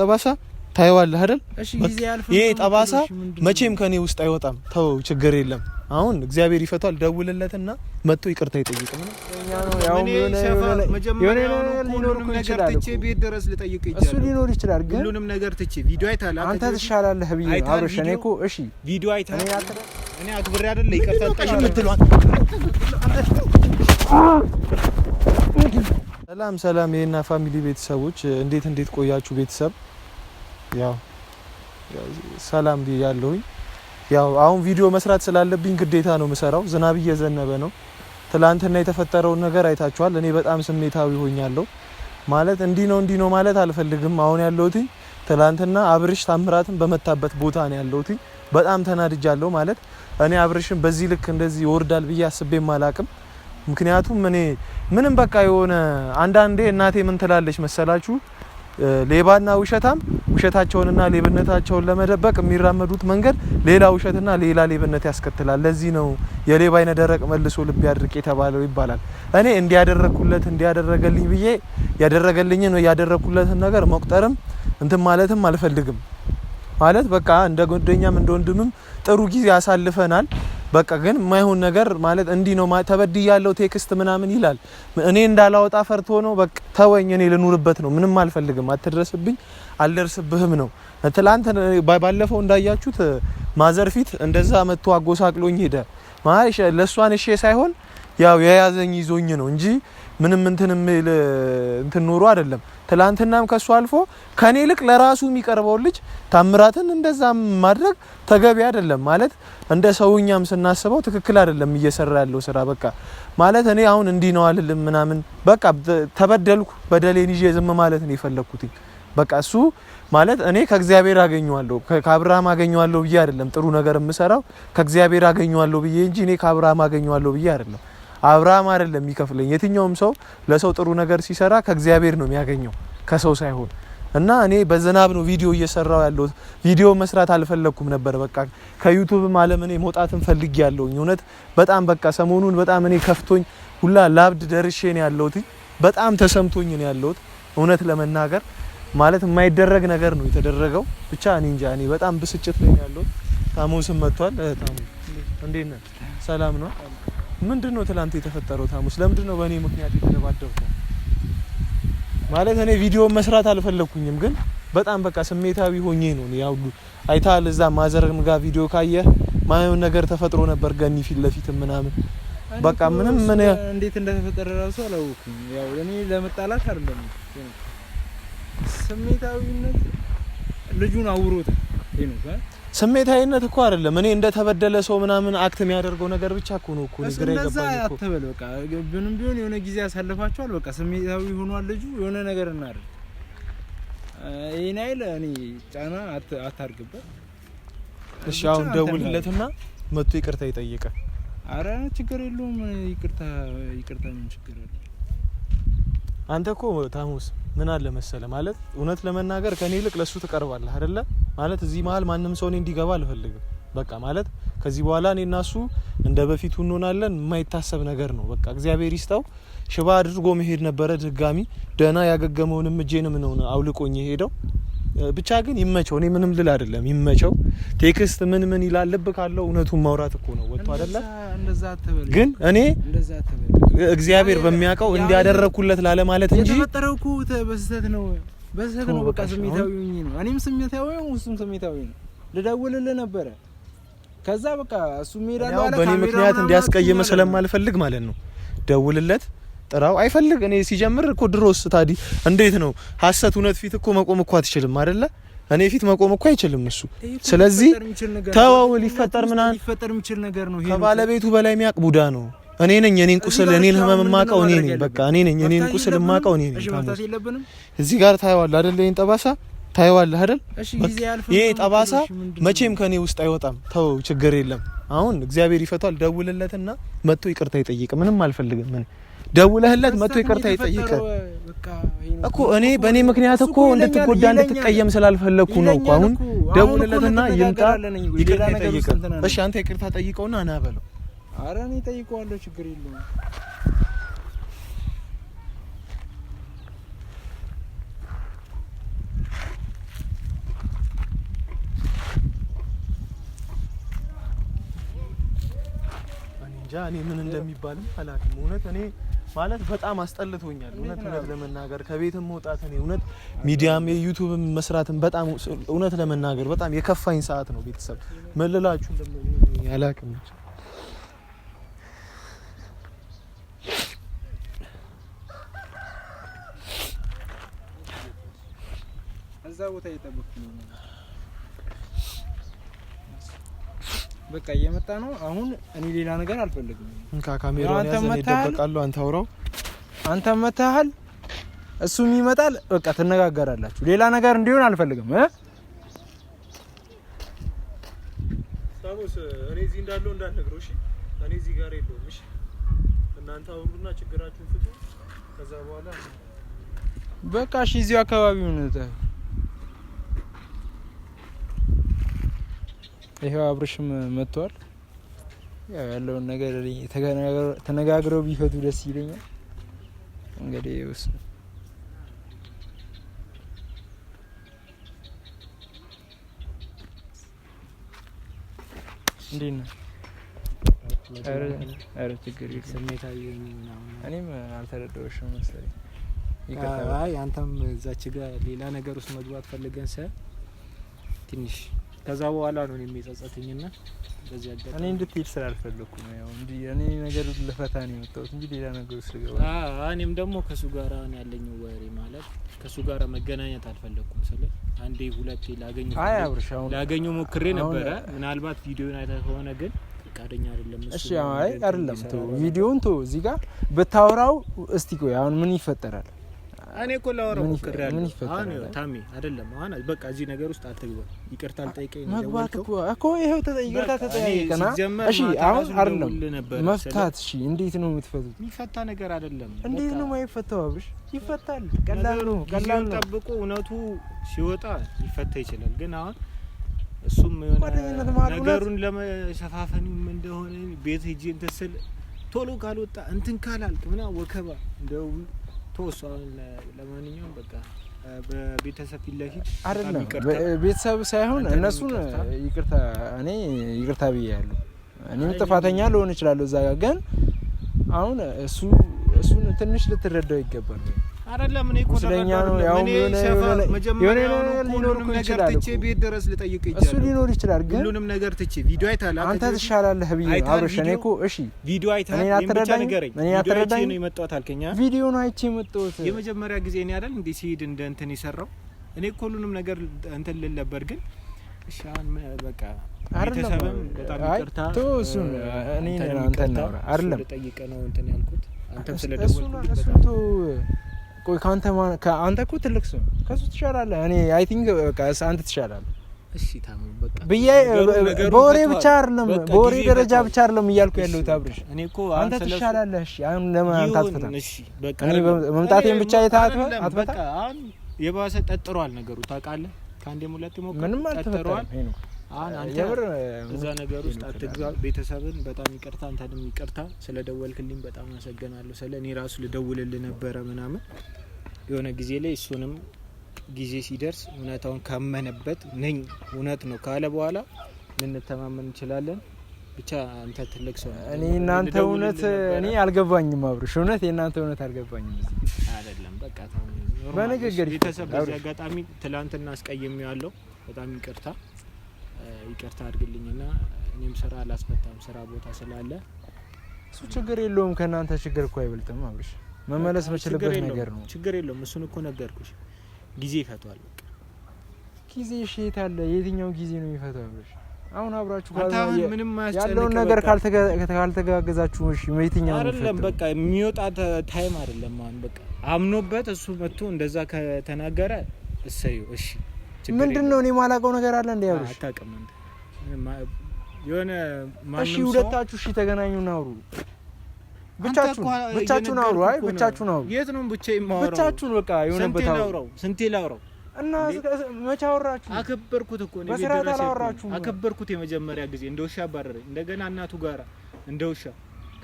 ጠባሳ ታየዋለህ አይደል? ይሄ ጠባሳ መቼም ከኔ ውስጥ አይወጣም። ተው ችግር የለም። አሁን እግዚአብሔር ይፈቷል። ደውልለትና መጥቶ ይቅርታ ይጠይቅም። እሱ ሊኖር ይችላል፣ ግን ሁሉንም ነገር ትቼ ቪዲዮ አይተሃል፣ አንተ ትሻላለህ ብዬ አብረሽ። እኔ እኮ እሺ ቪዲዮ አይተሃል፣ እኔ አክብሬ አይደለ ይቅርታ ሰላም ሰላም የና ፋሚሊ ቤተሰቦች እንዴት እንዴት ቆያችሁ? ቤተሰብ ያው ሰላም ያለሁኝ ያው አሁን ቪዲዮ መስራት ስላለብኝ ግዴታ ነው የምሰራው። ዝናብ እየዘነበ ነው። ትላንትና የተፈጠረውን ነገር አይታችኋል። እኔ በጣም ስሜታዊ ሆኛለሁ። ማለት እንዲህ ነው እንዲህ ነው ማለት አልፈልግም። አሁን ያለሁት ትላንትና አብርሽ ታምራትን በመታበት ቦታ ነው ያለሁት። በጣም ተናድጃለሁ። ማለት እኔ አብርሽን በዚህ ልክ እንደዚህ ይወርዳል ብዬ አስቤም አላቅም። ምክንያቱም እኔ ምንም በቃ የሆነ አንዳንዴ እናቴ ምን ትላለች መሰላችሁ ሌባና ውሸታም ውሸታቸውንና ሌብነታቸውን ለመደበቅ የሚራመዱት መንገድ ሌላ ውሸትና ሌላ ሌብነት ያስከትላል። ለዚህ ነው የሌባ አይነ ደረቅ መልሶ ልብ ያድርቅ የተባለው ይባላል። እኔ እንዲያደረግኩለት እንዲያደረገልኝ ብዬ ያደረገልኝን ወይ ያደረግኩለትን ነገር መቁጠርም እንትን ማለትም አልፈልግም። ማለት በቃ እንደ ጓደኛም እንደ ወንድምም ጥሩ ጊዜ አሳልፈናል። በቃ ግን የማይሆን ነገር ማለት እንዲህ ነው ተበድ ያለው ቴክስት ምናምን ይላል። እኔ እንዳላወጣ ፈርቶ ነው በቃ ተወኝ፣ እኔ ልኑርበት ነው፣ ምንም አልፈልግም፣ አትድረስብኝ፣ አልደርስብህም ነው። ትላንት ባለፈው እንዳያችሁት ማዘር ፊት እንደዛ መጥቶ አጎሳቅሎኝ ሄደ። ለእሷን እሺ ሳይሆን ያው የያዘኝ ይዞኝ ነው እንጂ ምንም እንትን የሚል እንትን ኖሮ አይደለም። ትላንትናም ከሱ አልፎ ከኔ ይልቅ ለራሱ የሚቀርበው ልጅ ታምራትን እንደዛ ማድረግ ተገቢ አይደለም ማለት እንደ ሰውኛም ስናስበው ትክክል አይደለም እየሰራ ያለው ስራ። በቃ ማለት እኔ አሁን እንዲህ ነው አልልም ምናምን፣ በቃ ተበደልኩ፣ በደሌን ይዤ ዝም ማለት ነው የፈለግኩት። በቃ እሱ ማለት እኔ ከእግዚአብሔር አገኘዋለሁ ከአብርሃም አገኘዋለሁ ብዬ አይደለም ጥሩ ነገር የምሰራው ከእግዚአብሔር አገኘዋለሁ ብዬ እንጂ እኔ ከአብርሃም አገኘዋለሁ ብዬ አይደለም። አብርሃም አይደለም የሚከፍለኝ። የትኛውም ሰው ለሰው ጥሩ ነገር ሲሰራ ከእግዚአብሔር ነው የሚያገኘው ከሰው ሳይሆን እና እኔ በዝናብ ነው ቪዲዮ እየሰራው ያለሁት። ቪዲዮ መስራት አልፈለግኩም ነበር። በቃ ከዩቱብ ዓለም እኔ መውጣትን ፈልግ ያለውኝ እውነት በጣም በቃ ሰሞኑን በጣም እኔ ከፍቶኝ ሁላ ላብድ ደርሼ ነው ያለሁት። በጣም ተሰምቶኝ ነው ያለሁት እውነት ለመናገር ማለት የማይደረግ ነገር ነው የተደረገው። ብቻ እኔ እንጃ እኔ በጣም ብስጭት ነው ያለሁት። ታሞስም መጥቷል። ታሞ እንዴት ነህ? ሰላም ነው? ምንድን ነው ትላንት የተፈጠረው? ታሙስ ለምንድን ነው በእኔ ምክንያት የተደባደብከው? ማለት እኔ ቪዲዮ መስራት አልፈለኩኝም፣ ግን በጣም በቃ ስሜታዊ ሆኜ ነው ያው አይታል። እዛ ማዘርም ጋር ቪዲዮ ካየ ማየውን ነገር ተፈጥሮ ነበር ገኒ ፊት ለፊት ምናምን በቃ ምንም ምን እንዴት እንደተፈጠረ ራሱ አላወኩም። ያው እኔ ለመጣላት አይደለም ስሜታዊነት ልጁን አውሮታል ይሄ ነው ስሜታዊነት እኮ አይደለም። እኔ እንደተበደለ ሰው ምናምን አክት የሚያደርገው ነገር ብቻ እኮ ነው እኮ ግራ ይገባል እኮ አትበል። በቃ ምንም ቢሆን የሆነ ጊዜ ያሳልፋቸዋል። በቃ ስሜታዊ ሆኗል ልጁ። የሆነ ነገር እናድርግ። ይሄን አይል እኔ ጫና አታርግበት። እሺ አሁን ደውልለትና መጥቶ ይቅርታ ይጠይቀ። አረ ችግር የለውም ይቅርታ ይቅርታ፣ ምን ችግር አለ? አንተ እኮ ታሙስ ምን አለ መሰለ ማለት እውነት ለመናገር ከኔ ይልቅ ለሱ ትቀርባለህ አይደለ? ማለት እዚህ መሀል ማንም ሰው እኔ እንዲገባ አልፈልግም። በቃ ማለት ከዚህ በኋላ እኔ እናሱ እንደ በፊቱ እንሆናለን። የማይታሰብ ነገር ነው። በቃ እግዚአብሔር ይስጠው። ሽባ አድርጎ መሄድ ነበረ ድጋሚ ደህና ያገገመውንም እጄንም ነው አውልቆኝ የሄደው። ብቻ ግን ይመቸው። እኔ ምንም ልል አይደለም፣ ይመቸው። ቴክስት ምን ምን ይላል ልብ ካለው እውነቱን ማውራት እኮ ነው ወጥቶ አይደለ? ግን እኔ እግዚአብሔር በሚያውቀው እንዲያደረኩለት ላለ ማለት እንጂ የተፈጠረው እኮ በስህተት ነው በዛ ነው በቃ ስሜታዊ ሆኜ ነው። እኔም ስሜታዊ ነው፣ እሱም ስሜታዊ ነው። ልደውልልህ ነበረ። ከዛ በቃ እሱ ሜዳ ላይ አለ። በእኔ ምክንያት እንዲያስቀይም ስለማልፈልግ ማለት ነው ደውልለት ጥራው አይፈልግ። እኔ ሲጀምር እኮ ድሮስ ታዲ እንዴት ነው ሀሰት እውነት ፊት እኮ መቆም እኮ አትችልም አይደለ? እኔ ፊት መቆም እኮ አይችልም እሱ። ስለዚህ ተወው። ሊፈጠር ምናምን ሊፈጠር የሚችል ነገር ነው። ከባለቤቱ በላይ የሚያውቅ ቡዳ ነው። እኔ ነኝ የኔን ቁስል እኔን ህመም የማውቀው እኔ ነኝ። በቃ እኔ ነኝ የኔን ቁስል የማውቀው እኔ ነኝ። እዚህ ጋር ታየዋለህ አይደል? ይሄን ጠባሳ ታየዋለህ አይደል? ይሄ ጠባሳ መቼም ከኔ ውስጥ አይወጣም። ተው ችግር የለም። አሁን እግዚአብሔር ይፈቷል። ደውልለትና መጥቶ ይቅርታ ይጠይቅ። ምንም አልፈልግም። ምን ደውለህለት መጥቶ ይቅርታ ይጠይቅ እኮ እኔ በእኔ ምክንያት እኮ እንድትጎዳ እንድትቀየም ስላልፈለግኩ ነው እኮ። አሁን ደውልለትና ይምጣ ይቅርታ ይጠይቅ። እሺ አንተ ይቅርታ ጠይቀውና አና በለው አረ እኔ ጠይቀዋለሁ፣ ችግር የለውም። እንጃ እኔ ምን እንደሚባልም አላውቅም። እውነት እኔ ማለት በጣም አስጠልቶኛል። እውነት እውነት ለመናገር ከቤትም መውጣት እኔ እውነት ሚዲያም የዩቲዩብም መስራትም በጣም እውነት ለመናገር በጣም የከፋኝ ሰዓት ነው። ቤተሰብ መልላችሁ አላውቅም። እዛ ቦታ እየጠበኩት ነው። በቃ እየመጣ ነው። አሁን እኔ ሌላ ነገር አልፈልግም። እንካ ካሜራውን ያዘ ይደበቃሉ። አንተ አውራው፣ አንተ መታሃል፣ እሱም ይመጣል። በቃ ትነጋገራላችሁ። ሌላ ነገር እንዲሆን አልፈልግም። ሳሙስ እኔ እዚህ እንዳለው እንዳልነግረው፣ እሺ? እኔ እዚህ ጋር የለውም። እሺ? እናንተ አውሩና ችግራችሁን ፍቱ። ከዛ በኋላ በቃ እሺ፣ እዚሁ አካባቢውን ይሄው አብርሽም መጥቷል። ያው ያለውን ነገር ተነጋግረው ቢፈቱ ደስ ይለኛል። እንግዲህ ውስ እንዴት ነው? ኧረ ችግር ስሜታዊ እኔም አልተረዳሁሽም መሰለኝ። አይ አንተም እዛች ጋር ሌላ ነገር ውስጥ መግባት ፈልገን ሰ ትንሽ ከዛ በኋላ ነው የሚጸጸትኝና በዚህ አጋጣሚ እኔ እንድትሄድ ስላልፈለኩ ነው። ያው እንዲ እኔ ነገር ልፈታ ነው የመጣሁት እንጂ ሌላ ነገር ውስጥ ገባ። አዎ እኔም ደግሞ ከሱ ጋራ ነው ያለኝ ወሬ ማለት ከሱ ጋራ መገናኘት አልፈለኩም። ስለ አንዴ ሁለቴ ላገኘው አይ አብርሻው ላገኘው ሞክሬ ነበረ። ምናልባት ቪዲዮን አይተህ ከሆነ ግን ፈቃደኛ አይደለም። እሺ አይ አይደለም፣ ቪዲዮን ተው። እዚህ ጋር ብታወራው እስቲ ቆይ አሁን ምን ይፈጠራል? እኔ እኮ ላወራው ሞክሬያለሁ። አሁን ታሚ አይደለም አሁን በቃ እዚህ ነገር ውስጥ አትግባ። ይቅርታ አልጠይቀኝ መግባት እኮ እኮ ይኸው ይቅርታ ተጠያየቀና እሺ፣ አሁን አይደለም መፍታት። እሺ፣ እንዴት ነው የምትፈቱት? የሚፈታ ነገር አይደለም። እንዴት ነው የማይፈታው? አብሽ ይፈታል። ቀላል ነው። ቀላል ነው። ጠብቆ እውነቱ ሲወጣ ሊፈታ ይችላል። ግን አሁን እሱም ነገሩን ለመሸፋፈንም እንደሆነ ቤት ሂጂ እንትን ስል ቶሎ ካልወጣ እንትን ካላልክ ምናምን ወከባ እንደው ተወሷል። ለማንኛውም በቃ በቤተሰብ ፊት ለፊት አይደለም፣ ቤተሰብ ሳይሆን እነሱን ይቅርታ እኔ ይቅርታ ብዬ ያለሁ እኔም ጥፋተኛ ልሆን እችላለሁ። እዛ ጋር ግን አሁን እሱ እሱን ትንሽ ልትረዳው ይገባል። አይደለም ነው ያው ይችላል። ቤት ድረስ ልጠይቅ ይችላል። እሱ ሊኖር ይችላል። ግን ሁሉንም ነገር ትቼ ቪዲዮ አይተሃል አንተ ትሻላለህ ብዬ አብረሽ እኔ እኮ እሺ፣ ቪዲዮ አይተሃል ነው ቪዲዮ ነው አይቼ የመጣሁት የመጀመሪያ ጊዜ እኔ አይደል እንዴ ሲሄድ እንደ እንትን የሰራው እኔ እኮ ሁሉንም ነገር እንትን ልል ነበር ግን እሺ፣ አሁን በቃ አይደለም፣ በጣም ይቅርታ እኔ ነው አይደለም ነው ቆይ ከአንተ ከአንተ እኮ ትልቅ ሰው ከሱ ትሻላለህ። እኔ አይ ቲንክ በቃ አንተ ትሻላለህ። እሺ ታሙ በቃ ብዬ በወሬ ብቻ አይደለም በወሬ ደረጃ ብቻ አይደለም እያልኩ ያለሁት አብርሽ፣ እኔ እኮ አንተ ትሻላለህ። እሺ አሁን ለምን አንተ አትፈታ? እሺ በቃ እኔ መምጣቴን ብቻ የታትፈ አትፈታ። አሁን የባሰ ጠጥሯል ነገሩ ታውቃለህ። ከአንዴም ሁለቴ ሞከረ፣ ምንም አልተፈጠረም። አሁን አንተ እዛ ነገር ውስጥ አትግባ። ቤተሰብን በጣም ይቅርታ፣ አንተንም ይቅርታ። ስለደወልክልኝ በጣም አመሰግናለሁ። ስለ እኔ ራሱ ልደውልልህ ነበረ ምናምን የሆነ ጊዜ ላይ እሱንም ጊዜ ሲደርስ እውነታውን ካመነበት ነኝ እውነት ነው ካለ በኋላ ልንተማመን እንችላለን። ብቻ አንተ ትልቅ ሰው እኔ እናንተ እውነት እኔ አልገባኝም። አብርሽ እውነት የእናንተ እውነት አልገባኝም። አይደለም በቃ በንግግር ቤተሰብ በዚህ አጋጣሚ ትላንትና ያለው በጣም ይቅርታ ይቅርታ አድርግልኝና እኔም ስራ አላስፈታም ስራ ቦታ ስላለ እሱ ችግር የለውም። ከእናንተ ችግር እኮ አይበልጥም አብርሽ መመለስ መችልበት ነገር ነው። ችግር የለውም። እሱን እኮ ነገርኩሽ። ጊዜ ይፈቷል። በቃ ጊዜ ሽት አለ። የትኛው ጊዜ ነው የሚፈታው? አሁን አብራችሁ ያለውን ነገር ካልተጋገዛችሁ እሺ፣ የትኛው ነው አይደለም። በቃ የሚወጣ ታይም አይደለም። አሁን በቃ አምኖበት እሱ መጥቶ እንደዛ ከተናገረ እሰዩ። እሺ፣ ምንድን ነው እኔ ማላውቀው ነገር አለ እንደ ያብሩሽ አታውቅም እንዴ? የሆነ ማንም ሰው እሺ፣ ሁለታችሁ እሺ፣ ተገናኙና አውሩ ብቻችሁን አውሩ። አይ ብቻችሁን አውሩ። የት ነው ብቻዬን የማወራው? ብቻችሁን በቃ የሆነ ቦታ ስንቴ ላውራው እና መቼ አወራችሁ? አከበርኩት እኮ ነው። በስርዓት አላወራችሁም። አከበርኩት የመጀመሪያ ጊዜ እንደ ውሻ አባረረኝ። እንደገና እናቱ ጋራ እንደ ውሻ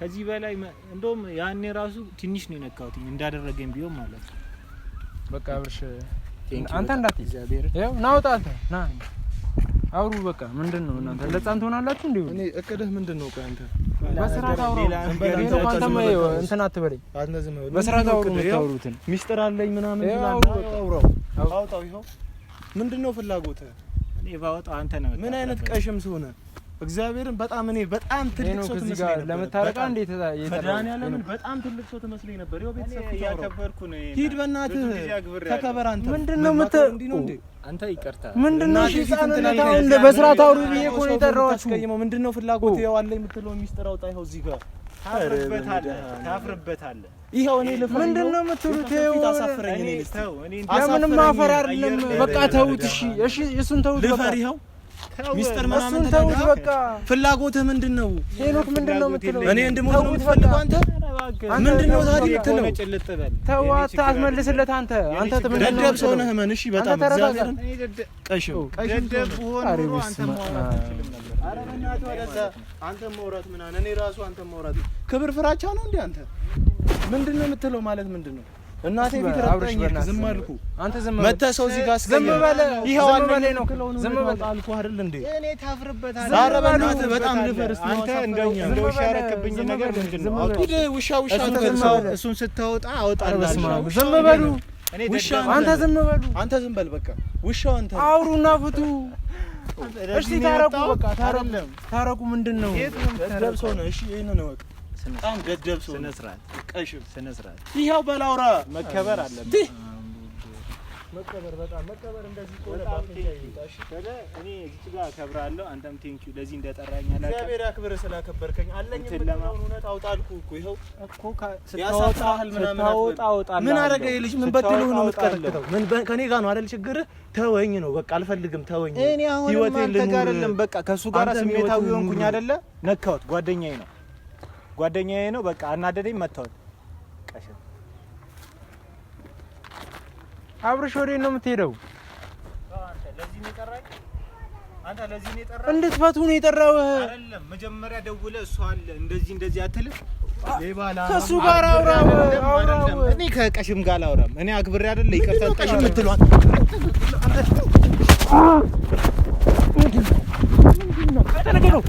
ከዚህ በላይ እንደውም ያኔ ራሱ ትንሽ ነው የነካሁትኝ እንዳደረገኝ ቢሆን ማለት ነው። በቃ ብርሽ አንተ እንዳትይ ና ውጣ አንተ ና አውሩ በቃ ምንድን ነው እናንተ ለጻን ህፃን ትሆናላችሁ እንዴ? እኔ እቅድህ ምንድን ነው? ቆይ አንተ በስርዓት አውሩ። አንተም እንትን አትበለኝ። በስርዓት አውሩ። የምታወሩትን ሚስጥር አለኝ ምናምን አውራው አውጣው። ይኸው ምንድን ነው ፍላጎትህ? እኔ ባወጣው አንተ ነው። ምን አይነት ቀሽም ሲሆነ እግዚአብሔርን በጣም እኔ በጣም ትልቅ ሰው ትመስለኝ ነበር። ለመታረቃ እንዴት መድኃኒዓለምን በጣም ትልቅ ሰው ትመስለኝ ነበር። ይኸው ቤተሰብ እያከበርኩ ነው። ሂድ በእናትህ ተከበር። አንተ ምንድነው ምት የምት አንተ ይቅርታ ምንድን ነው ህጻንነት አሁን በስርዓት አውሩ ብዬ እኮ ነው የጠራኋችሁ። ምንድን ነው ፍላጎት የዋለ የምትለው የሚስጥር አውጣ። ይኸው እዚህ ጋር ታፍርበታለህ። ይኸው እኔ ልፈራ ምንድን ነው የምትሉት? ለምንም አፈር አይደለም። በቃ ተውት። እሺ እሺ፣ እሱን ተውት። ልፈር ይኸው ሚስጥር ምናምን ተውት። በቃ ፍላጎትህ ምንድን ነው? ሄኖክ ምንድን ነው የምትለው? እኔ እንድሞት ነው የምትፈልገው አንተ? ምንድን ነው ታዲያ የምትለው? ተው አትመልስለት። አንተ አንተ ደደብ ሰው ነህ። ምን እሺ፣ በጣም እግዚአብሔርን ቀሽ ደደብ ሆኖ አንተ ማውራት ትችልም ነበር። ኧረ ወደዛ አንተ ማውራት ምናምን እኔ ራሱ አንተ ማውራት ክብር ፍራቻ ነው እንዴ? አንተ ምንድን ነው የምትለው ማለት ምንድን ነው? እናቴ ፊት ረጠኝ። ዝም አልኩ። አንተ ዝም በል መተህ ሰው እዚህ ጋር ዝም በለ። ይሄው አለኝ ነው ዝም በለ አልኩ አይደል እንዴ? እኔ ታፍርበታለህ። ኧረ በእናትህ በጣም ልፈርስ ነው። አንተ እንደኛ እንደ ውሻ ያረክብኝ ነገር ምንድን ነው? ሂድ ውሻ ውሻ እሱን ስታወጣ አወጣለሁ። ዝም በሉ ውሻ አንተ ዝም በሉ አንተ ዝም በል በቃ ውሻው አንተ አውሩና ፍቱ። እሺ ታረቁ፣ በቃ ታረቁ። ምንድን ነው ደብሶ ነው። እሺ ይሄንን እወቅ በጣም ገደብ ሰው ስነ ስርዓት ቀሽም ስነ ስርዓት ይኸው በላውራ መከበር አለበት። መቀበር በጣም መቀበር እንደዚህ ቆለ እኔ እዚህ ጋር አከብራለሁ። አንተም ለዚህ እንደጠራኝ አላውቅም። እግዚአብሔር ስላከበርከኝ አለኝ። የምትለውን እውነት አውጣልኩ እኮ ይኸው እኮ ምናምን አውጣ። ምን አደረገ ልጅ? ምን በድልህ ነው ምን ከኔ ጋር ነው አይደል ተወኝ ነው በቃ አልፈልግም። ተወኝ እኔ አሁን ጋር አይደለም በቃ ከሱ ጋር ስሜታዊ ሆንኩኝ አይደለ? ነካሁት ጓደኛዬ ነው ጓደኛዬ ነው። በቃ አናደደኝ። መታወል ቀሽ አብርሽ፣ ወዴት ነው የምትሄደው? እንዴት ፈቱ ነው የጠራው? አይደለም መጀመሪያ ደውለህ እሱ አለ እንደዚህ እንደዚህ አትልም ከሱ ጋር አውራው አውራው። እኔ ከቀሽም ጋር አውራም እኔ አክብሬ አይደለ ይቀርታ ቀሽም ምትሏት ምንድን ነው?